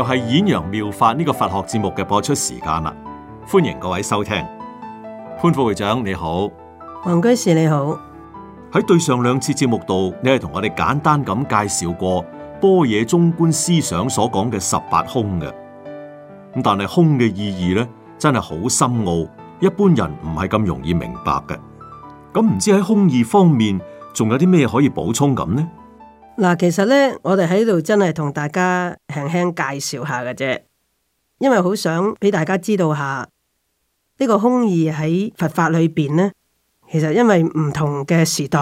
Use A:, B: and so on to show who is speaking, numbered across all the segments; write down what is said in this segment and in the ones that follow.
A: 又係演揚妙法呢個佛學節目嘅播出時間啦，歡迎各位收聽。潘副會長你好，王居士你好。喺對上兩次節目度，你係同我哋簡單咁介紹過般若中觀思想所講嘅十八空嘅。咁但係空嘅意義咧，真係好深奧，一般人唔係咁容易明白嘅。咁唔知喺空義方面，仲有啲咩可以補充咁呢？
B: 嗱，其實咧，我哋喺度真係同大家輕輕介紹下㗎啫，因為好想俾大家知道下呢個空義喺佛法裏邊咧，其實因為唔同嘅時代、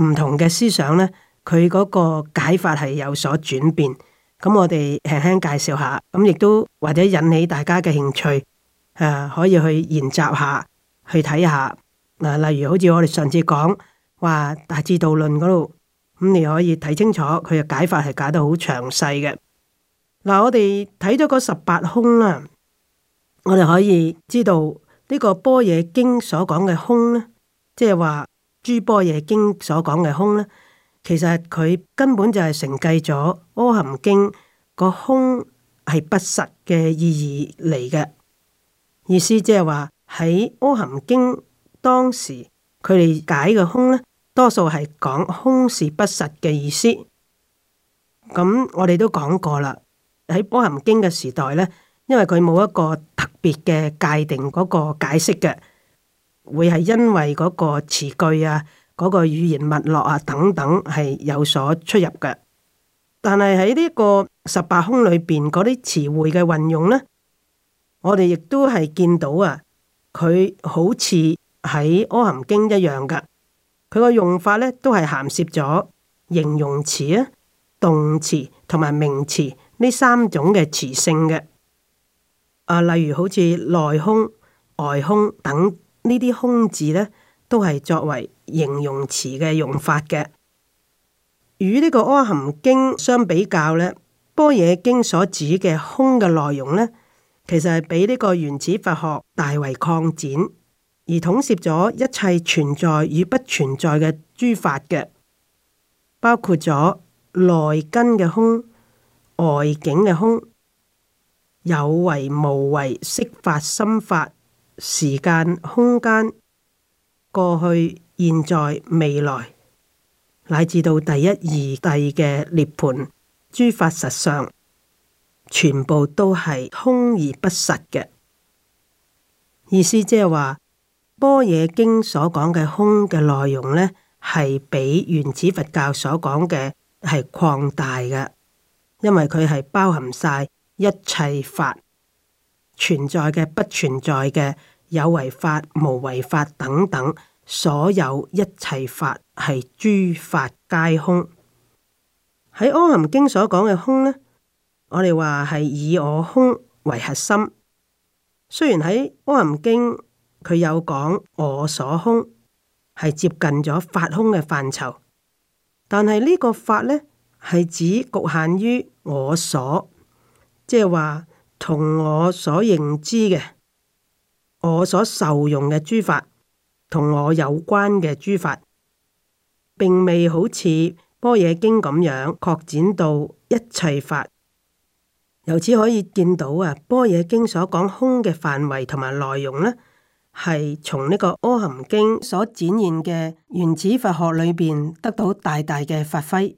B: 唔同嘅思想咧，佢嗰個解法係有所轉變。咁我哋輕輕介紹下，咁亦都或者引起大家嘅興趣，誒、啊，可以去研習下，去睇下嗱、啊，例如好似我哋上次講，話大智度論嗰度。咁你可以睇清楚，佢嘅解法係解得好詳細嘅。嗱、嗯，我哋睇咗個十八空啦，我哋可以知道呢、這個般若經所講嘅空呢，即係話《諸般若經》所講嘅空呢，其實佢根本就係承繼咗《阿含經》個空係不實嘅意義嚟嘅。意思即係話喺《阿含經》當時佢哋解嘅空呢。多數係講空是不實嘅意思，咁我哋都講過啦。喺《阿含經》嘅時代呢，因為佢冇一個特別嘅界定嗰個解釋嘅，會係因為嗰個詞句啊、嗰、嗰個語言脈絡啊等等係有所出入嘅。但係喺呢一個十八空裏邊嗰啲詞彙嘅運用呢，我哋亦都係見到啊，佢好似喺《阿含經》一樣㗎。佢個用法咧，都係含涉咗形容詞啊、動詞同埋名詞呢三種嘅詞性嘅。啊，例如好似內空、外空等呢啲空字咧，都係作為形容詞嘅用法嘅。與呢個阿含經相比較咧，般若經所指嘅空嘅內容咧，其實係比呢個原始佛學大為擴展。而統攝咗一切存在與不存在嘅諸法嘅，包括咗內根嘅空、外境嘅空、有為無為、色法心法、時間空間、過去現在未來，乃至到第一二諦嘅涅槃。諸法實相，全部都係空而不實嘅意思，即係話。般若經所講嘅空嘅內容呢，係比原始佛教所講嘅係擴大㗎，因為佢係包含晒一切法存在嘅、不存在嘅、有為法、無為法等等，所有一切法係諸法皆空。喺阿含經所講嘅空呢，我哋話係以我空為核心，雖然喺阿含經。佢有講我所空係接近咗法空嘅範疇，但係呢個法呢係指局限於我所，即係話同我所認知嘅、我所受用嘅諸法，同我有關嘅諸法，並未好似《般若經》咁樣擴展到一切法。由此可以見到啊，《般若經》所講空嘅範圍同埋內容呢，係從呢、這個《阿含經》所展現嘅原始佛學裏邊得到大大嘅發揮。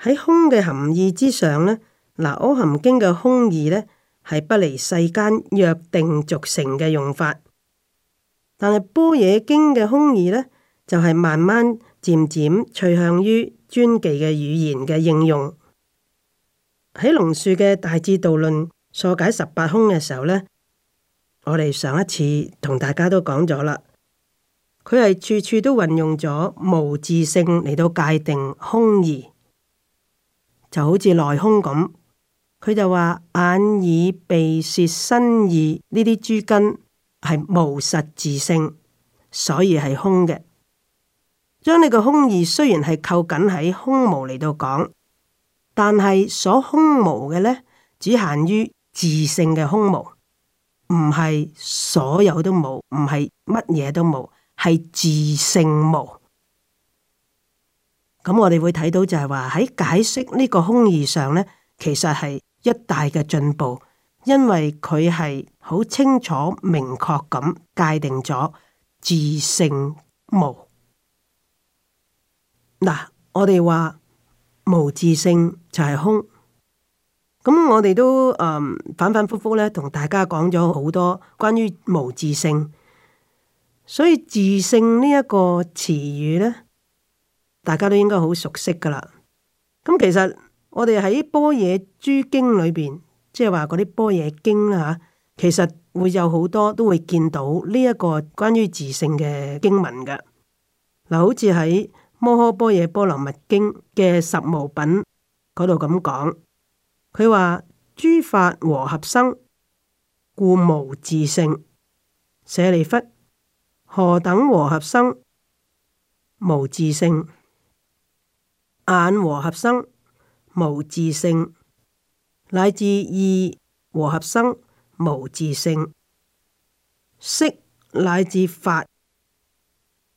B: 喺空嘅含義之上呢，嗱《阿含經》嘅空義呢係不離世間約定俗成嘅用法，但係《般若經》嘅空義呢就係慢慢漸漸趨向於專記嘅語言嘅應用。喺龍樹嘅《大智度論》疏解十八空嘅時候呢？我哋上一次同大家都講咗啦，佢係處處都運用咗無自性嚟到界定空義，就好似內空咁。佢就話眼耳鼻舌身意呢啲諸根係無實自性，所以係空嘅。將你個空義雖然係扣緊喺空無嚟到講，但係所空無嘅呢，只限於自性嘅空無。唔係所有都冇，唔係乜嘢都冇，係自性無。咁我哋會睇到就係話，喺解釋呢個空義上呢，其實係一大嘅進步，因為佢係好清楚明確咁界定咗自性無。嗱，我哋話無自性就係空。咁、嗯、我哋都嗯反反覆覆咧，同大家講咗好多關於無自性，所以自性詞呢一個詞語咧，大家都應該好熟悉噶啦。咁、嗯、其實我哋喺般若諸經裏邊，即係話嗰啲般若經啦、啊、其實會有好多都會見到呢一個關於自性嘅經文嘅。嗱、嗯，好似喺摩訶般若波羅蜜經嘅十無品嗰度咁講。佢話：諸法和合生，故無自性。舍利弗，何等和合生無自性？眼和合生無自性，乃至意和合生無自性，色乃至法，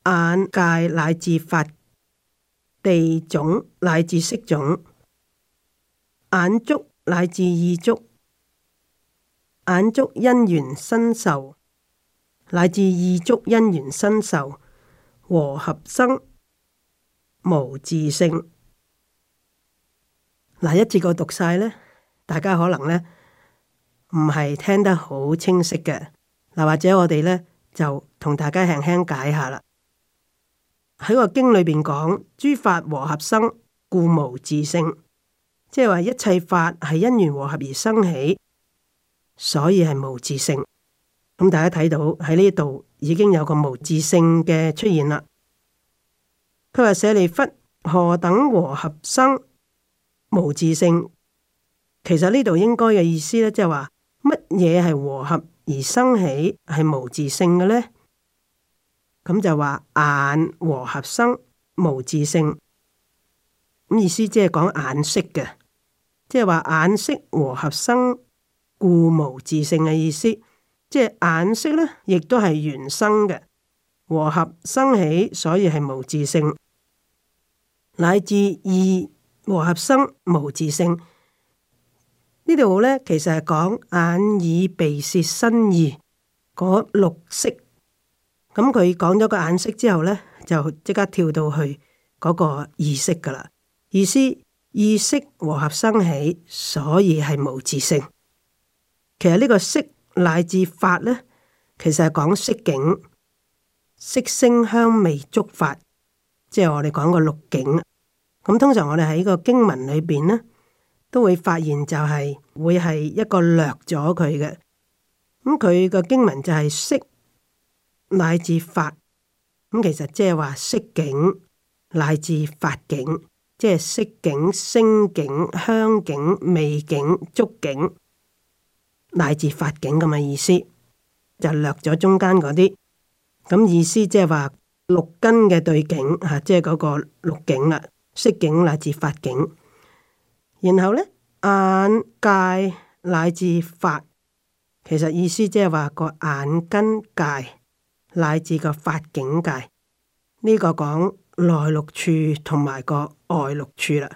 B: 眼界乃至法，地種乃至色種，眼觸。乃至意觸，眼觸因緣身受；乃至意觸因緣身受，和合生無自性。嗱，一次過讀晒呢，大家可能呢唔係聽得好清晰嘅，嗱，或者我哋呢就同大家輕輕解下啦。喺個經裏邊講諸法和合生，故無自性。即係話一切法係因緣和合而生起，所以係無自性。咁大家睇到喺呢度已經有個無自性嘅出現啦。佢話舍利弗，何等和合生無自性？其實呢度應該嘅意思咧，即係話乜嘢係和合而生起係無自性嘅咧？咁就話眼和合生無自性。咁意思即係講眼識嘅。即係話眼色和合生故無自性嘅意思，即係眼色呢，亦都係原生嘅和合生起，所以係無自性，乃至意和合生無自性。呢度呢，其實係講眼耳鼻舌身意嗰六識。咁佢講咗個眼色之後呢，就即刻跳到去嗰個意識㗎喇，意思。意識和合生起，所以係無自性。其實呢個色乃至法呢，其實係講色境、色聲香味觸法，即係我哋講個六境。咁通常我哋喺呢個經文裏邊呢，都會發現就係、是、會係一個略咗佢嘅。咁佢個經文就係色乃至法。咁其實即係話色境乃至法境。即係色境、聲境、香境、味境、觸境，乃至法境咁嘅意思，就略咗中間嗰啲。咁意思即係話六根嘅對境，嚇、啊，即係嗰個六境啦，色境乃至法境，然後呢眼界乃至法，其實意思即係話個眼根界乃至個法境界。呢、這個講內六處同埋個。外六處啦，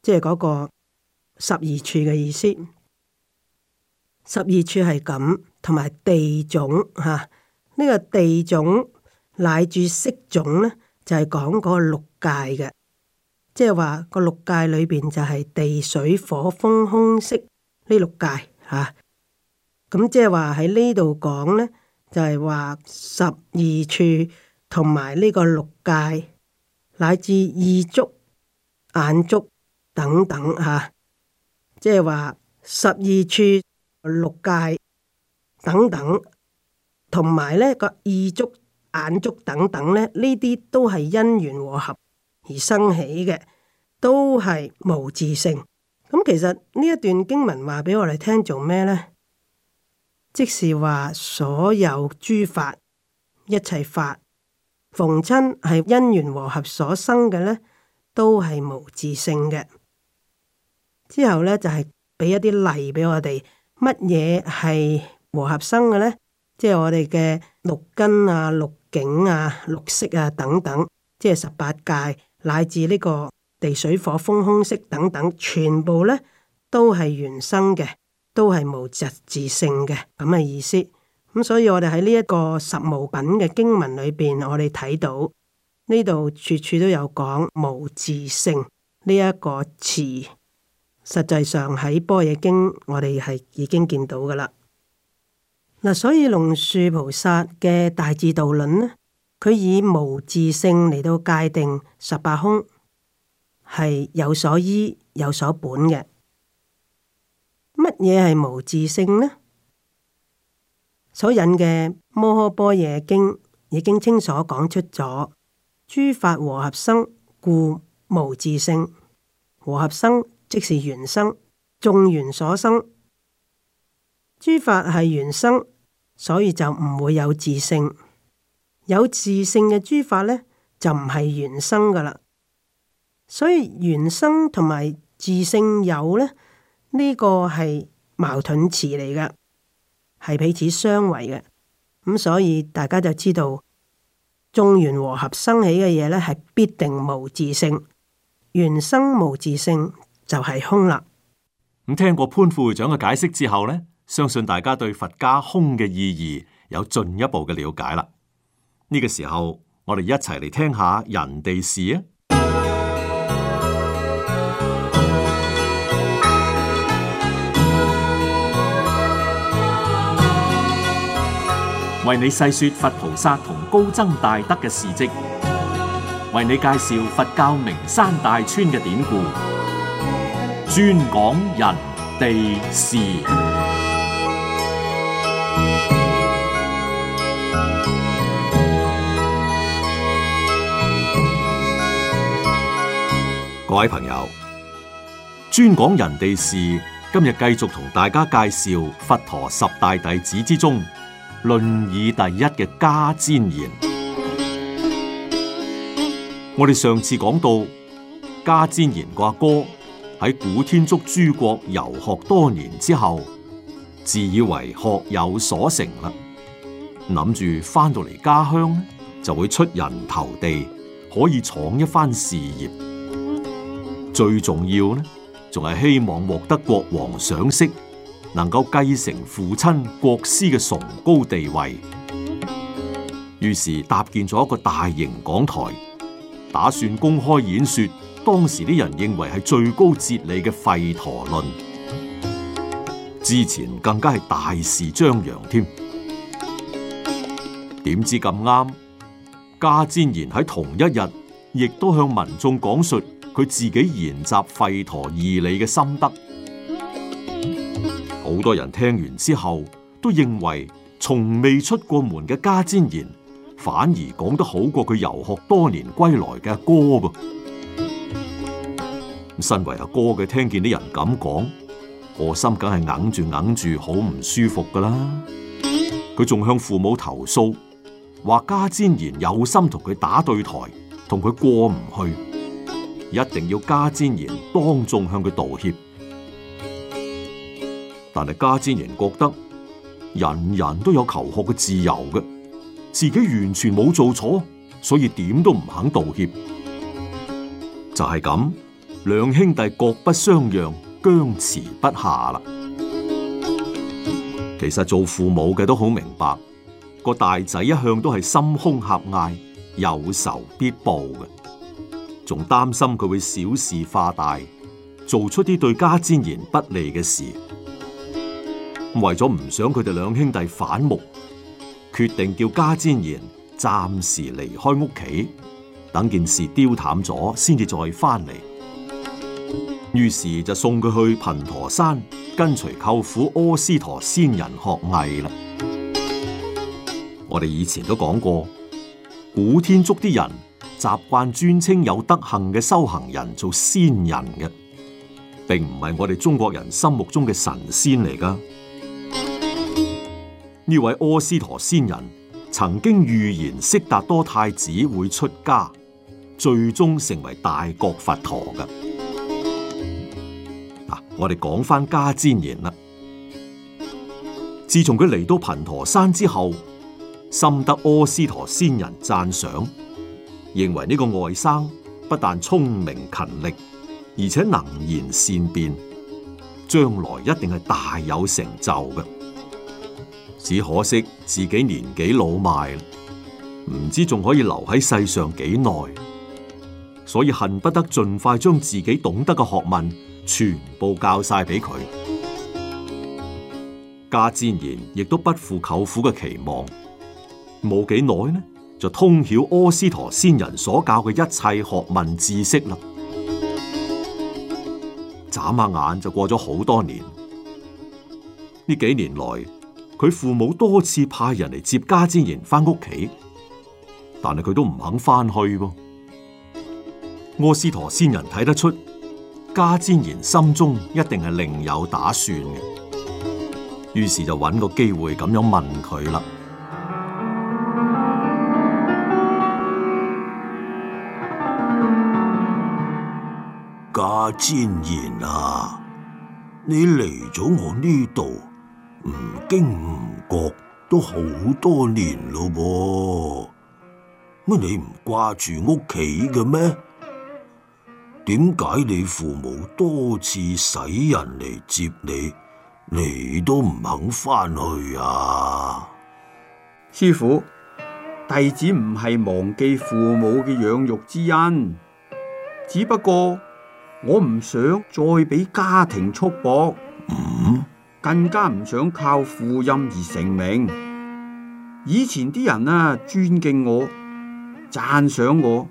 B: 即係嗰個十二處嘅意思。十二處係咁，同埋地種吓，呢、這個地種乃至色種呢就係、是、講嗰個六界嘅，即係話個六界裏邊就係地水火風空色呢六界吓。咁即係話喺呢度講呢，就係、是、話十二處同埋呢個六界乃至二足。眼足等等啊，即係話十二處六界等等，同埋咧個耳足眼足等等咧，呢啲都係因緣和合而生起嘅，都係無自性。咁其實呢一段經文話俾我哋聽做咩咧？即是話所有諸法、一切法，逢親係因緣和合所生嘅咧。都係無自性嘅。之後呢，就係、是、俾一啲例俾我哋，乜嘢係和合生嘅呢？即係我哋嘅六根啊、六境啊、六識啊等等，即係十八界乃至呢個地水火風空色等等，全部呢都係原生嘅，都係無實自性嘅咁嘅意思。咁所以我哋喺呢一個十無品嘅經文裏邊，我哋睇到。呢度處處都有講無自性呢一個詞，實際上喺《般若經》，我哋係已經見到噶啦。嗱，所以龍樹菩薩嘅大智度論咧，佢以無自性嚟到界定十八空，係有所依、有所本嘅。乜嘢係無自性呢？所引嘅《摩訶般若經》已經清楚講出咗。諸法和合生，故無自性。和合生即是緣生，眾緣所生。諸法係緣生，所以就唔會有自性。有自性嘅諸法呢，就唔係緣生噶啦。所以緣生同埋自性有呢，呢、這個係矛盾詞嚟噶，係彼此相違嘅。咁、嗯、所以大家就知道。眾緣和合生起嘅嘢咧，係必定無自性，緣生無自性就係空啦。
A: 咁聽過潘副會長嘅解釋之後咧，相信大家對佛家空嘅意義有進一步嘅了解啦。呢、這個時候，我哋一齊嚟聽下人地事啊！為你細說佛菩薩同高僧大德嘅事迹，為你介紹佛教名山大川嘅典故，專講人地事。各位朋友，專講人地事，今日繼續同大家介紹佛陀十大弟子之中。論議第一嘅迦旃延，我哋上次講到迦旃延個阿哥喺古天竺諸國遊學多年之後，自以為學有所成啦，諗住翻到嚟家鄉就會出人頭地，可以闖一番事業。最重要呢，仲係希望獲得國王賞識。能夠繼承父親國師嘅崇高地位，於是搭建咗一個大型講台，打算公開演說。當時啲人認為係最高哲理嘅吠陀論，之前更加係大肆張揚添。點知咁啱，迦旃延喺同一日亦都向民眾講述佢自己研習吠陀義理嘅心得。好多人聽完之後都認為從未出過門嘅迦旃延，反而講得好過佢遊學多年歸來嘅阿哥噃。身為阿哥嘅，聽見啲人咁講，個心梗係硬住硬住，好唔舒服噶啦。佢仲向父母投訴，話迦旃延有心同佢打對台，同佢過唔去，一定要迦旃延當眾向佢道歉。但係迦旃延覺得人人都有求學嘅自由嘅，自己完全冇做錯，所以點都唔肯道歉。就係咁，兩兄弟各不相讓，僵持不下啦。其實做父母嘅都好明白，個大仔一向都係心胸狹隘，有仇必報嘅，仲擔心佢會小事化大，做出啲對迦旃延不利嘅事。為咗唔想佢哋兩兄弟反目，決定叫迦旃延暫時離開屋企，等件事丟淡咗先至再翻嚟。於是就送佢去貧陀山跟隨舅父阿斯陀仙人學藝啦。我哋以前都講過，古天竺啲人習慣尊稱有德行嘅修行人做仙人嘅，並唔係我哋中國人心目中嘅神仙嚟噶。呢位阿斯陀仙人曾經預言悉達多太子會出家，最終成為大國佛陀嘅、啊。我哋講翻迦旃延啦。自從佢嚟到貧陀山之後，深得阿斯陀仙人讚賞，認為呢個外甥不但聰明勤力，而且能言善辯，將來一定係大有成就嘅。只可惜自己年紀老邁，唔知仲可以留喺世上幾耐，所以恨不得盡快將自己懂得嘅學問全部教晒俾佢。迦旃延亦都不負舅父嘅期望，冇幾耐呢就通曉阿斯陀先人所教嘅一切學問知識啦。眨下眼就過咗好多年，呢幾年來。佢父母多次派人嚟接迦旃延翻屋企，但係佢都唔肯翻去噃。柯斯陀仙人睇得出迦旃延心中一定係另有打算嘅，於是就揾個機會咁樣問佢啦。
C: 迦旃延啊，你嚟咗我呢度，唔經唔覺都好多年咯噃，乜你唔掛住屋企嘅咩？點解你父母多次使人嚟接你，你都唔肯翻去啊？師傅，弟子唔係忘記父母嘅養育之恩，只不過我唔想再俾家庭束縛。嗯。更加唔想靠父蔭而成名。以前啲人啊，尊敬我、讚賞我，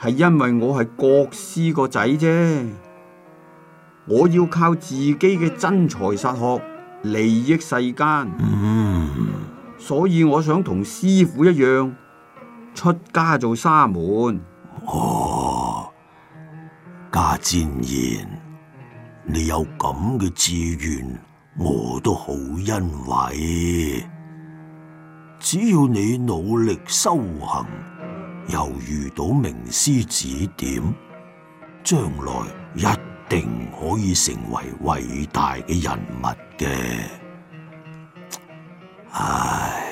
C: 係因為我係國師個仔啫。我要靠自己嘅真才實學利益世間，嗯、所以我想同師父一樣出家做沙門。哦，迦旃延，你有咁嘅志願？我都好欣慰，只要你努力修行，又遇到名師指點，將來一定可以成為偉大嘅人物嘅。唉，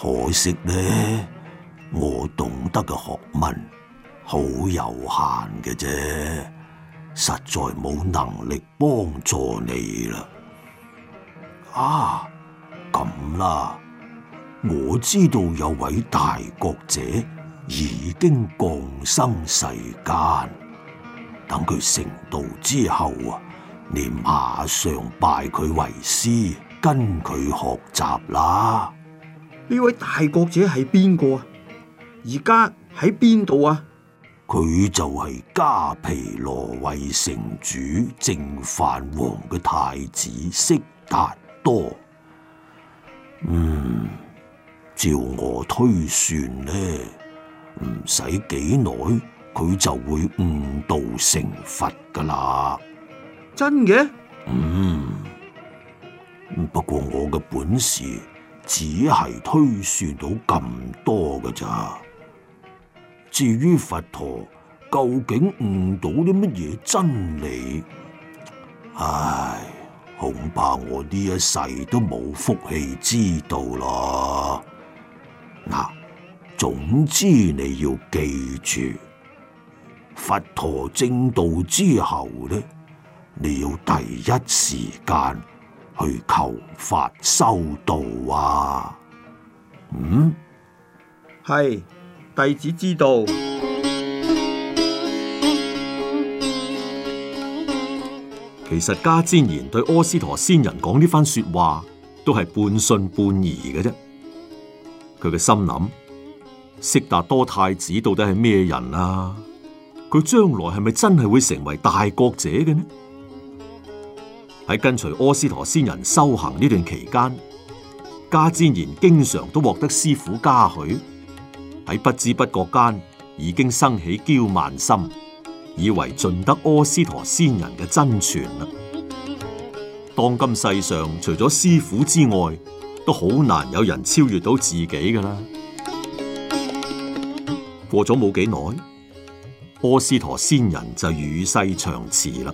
C: 可惜咧，我懂得嘅學問好有限嘅啫，實在冇能力幫助你啦。啊，咁啦，我知道有位大國者已經降生世間，等佢成道之後啊，你馬上拜佢為師，跟佢學習啦。呢位大國者係邊個啊？而家喺邊度啊？佢就係迦毗羅衛城主淨飯王嘅太子悉達。多，嗯，照我推算咧，唔使幾耐佢就會悟道成佛噶啦。真嘅？嗯，不過我嘅本事只係推算到咁多噶咋。至於佛陀究竟悟到啲乜嘢真理，唉。恐怕我呢一世都冇福氣知道啦。嗱，總之你要記住，佛陀正道之後咧，你要第一時間去求法修道啊。嗯，係弟子知道。
A: 其實迦旃延對阿斯陀仙人講呢番說話都係半信半疑嘅啫。佢嘅心諗：悉達多太子到底係咩人啦、啊？佢將來係咪真係會成為大國者嘅呢？喺跟隨阿斯陀仙人修行呢段期間，迦旃延經常都獲得師父嘉許。喺不知不覺間，已經生起驕慢心。以為盡得阿斯陀仙人嘅真傳啦，當今世上除咗師傅之外，都好難有人超越到自己噶啦。過咗冇幾耐，阿斯陀仙人就與世長辭啦。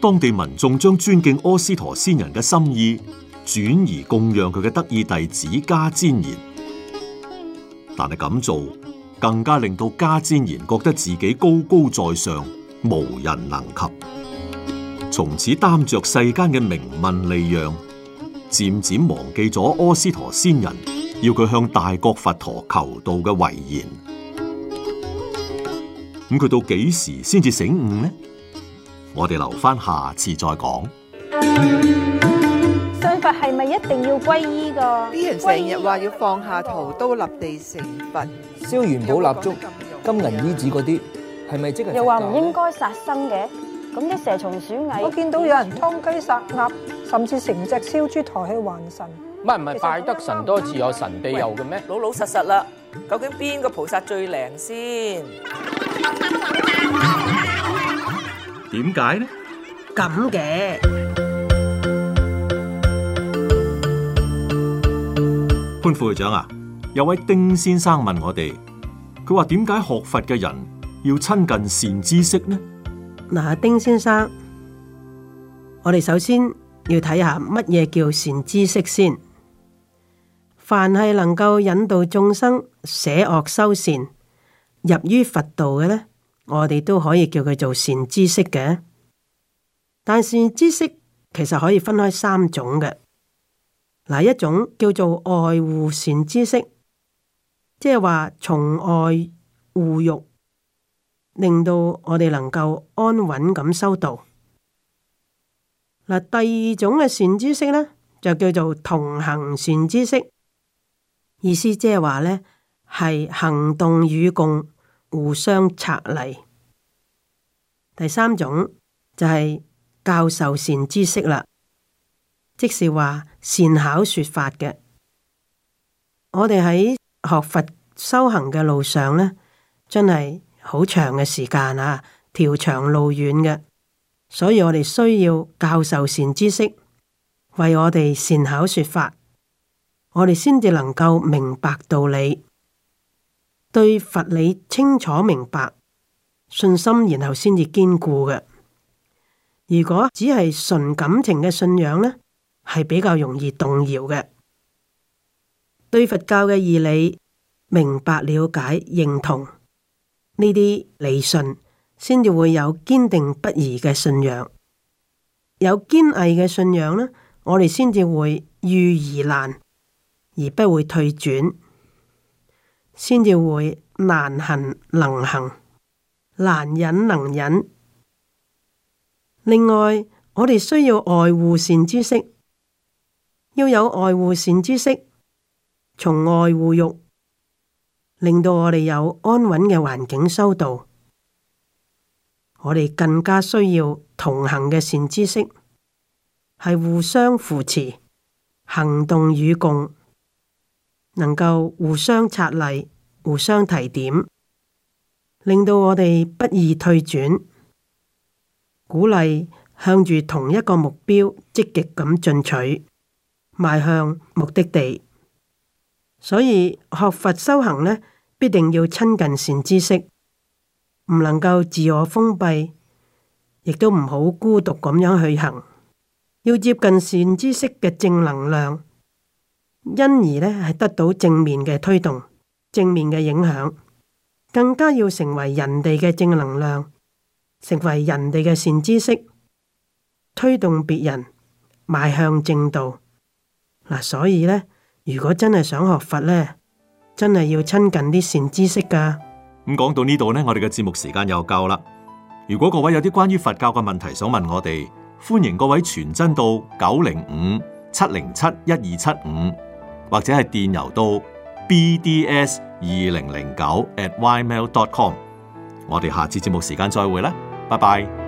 A: 當地民眾將尊敬阿斯陀仙人嘅心意轉而供養佢嘅得意弟子迦旃延，但係咁做，更加令到迦旃延覺得自己高高在上，無人能及。從此擔着世間嘅名聞利養，漸漸忘記咗阿斯陀仙人要佢向大國佛陀求道嘅遺言。咁佢到幾時先至醒悟呢？我哋留翻下，下次再講。
B: 係咪一定要皈依噶？啲人成日話要放下屠刀立地成佛，
C: 燒元寶蠟燭、金銀衣紙嗰啲，係咪即係？又話唔應
B: 該殺生嘅，咁啲蛇蟲鼠蟻，我見到有人劏雞殺鴨，甚至成隻燒豬抬去還神。
A: 唔係唔係，拜得神多自有神庇佑嘅咩？老老
B: 實實啦，究竟邊個菩薩最靈先？
A: 點解呢？
B: 咁嘅。
A: 潘副長啊，有位丁先生問我哋，佢話點解學佛嘅人要親近善
B: 知識呢？嗱，丁先生，我哋首先要睇下乜嘢叫善知識先。凡係能夠引導眾生捨惡修善、入於佛道嘅呢，我哋都可以叫佢做善知識嘅。但善知識其實可以分開三種嘅。嗱，一種叫做外護善知識，即係話從外護欲，令到我哋能夠安穩咁修道。嗱，第二種嘅善知識呢，就叫做同行善知識，意思即係話呢，係行動與共，互相策勵。第三種就係教授善知識啦。即是話善巧說法嘅，我哋喺學佛修行嘅路上呢，真係好長嘅時間啊，條長路遠嘅，所以我哋需要教授善知識，為我哋善巧說法，我哋先至能夠明白道理，對佛理清楚明白，信心然後先至堅固嘅。如果只係純感情嘅信仰呢？係比較容易動搖嘅，對佛教嘅義理明白、了解、認同呢啲理信，先至會有堅定不移嘅信仰，有堅毅嘅信仰呢，我哋先至會遇而難，而不會退轉，先至會難行能行，難忍能忍。另外，我哋需要愛護善知識。要有外護善知識，從外護欲，令到我哋有安穩嘅環境修道。我哋更加需要同行嘅善知識，係互相扶持、行動與共，能夠互相策勵、互相提點，令到我哋不易退轉，鼓勵向住同一個目標積極咁進取。邁向目的地，所以學佛修行呢，必定要親近善知識，唔能夠自我封閉，亦都唔好孤獨咁樣去行，要接近善知識嘅正能量，因而呢係，得到正面嘅推動、正面嘅影響，更加要成為人哋嘅正能量，成為人哋嘅善知識，推動別人，邁向正道。嗱，所以咧，如果真係想學佛咧，真係要親近啲善知識噶。
A: 咁講到呢度咧，我哋嘅節目時間又夠啦。如果各位有啲關於佛教嘅問題想問我哋，歡迎各位傳真到九零五七零七一二七五，75，或者係電郵到 bds 二零零九 at ymail.com。我哋下次節目時間再會啦，拜拜。